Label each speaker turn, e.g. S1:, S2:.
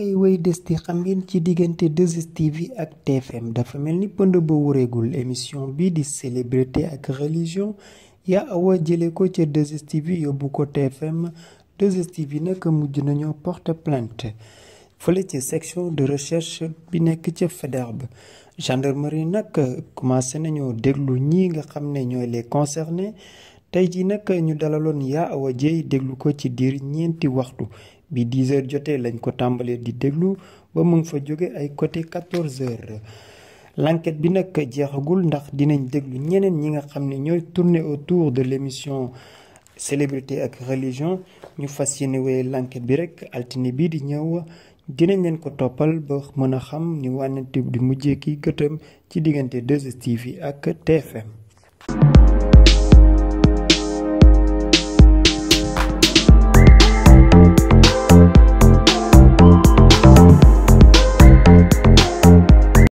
S1: ngay wéy des di xam ngeen ci diggante 2STV yi ak TFM dafa mel ni pënd ba wureegul émission bi di célébrité ak religion yaa awa jële ko ca 2STV yi yóbbu ko TFM 2STV yi nag mujj nañoo porte plainte fële ca section de recherche bi nekk ca Faidherbe gendarmerie nag commencé nañoo déglu ñi nga xam ne ñooy les concernés tey jii nag ñu dalaloon yaa awa jéey déglu ko ci diir ñeenti waxtu bi 10 heures jotee lañ ko tàmbalee di déglu ba mu fa jóge ay côté 14 heures l'enquête bi nag jeexagul ndax dinañ déglu ñeneen ñi nga xam ne ñooy tourner autour de l'émission célébrité ak religion ñu fas yéene wee l'enquête bi rek altine bii di ñëw dinañ leen ko toppal ba mën a xam ni wànnante di mujjee ki gëtëm ci diggante 2STV ak TFM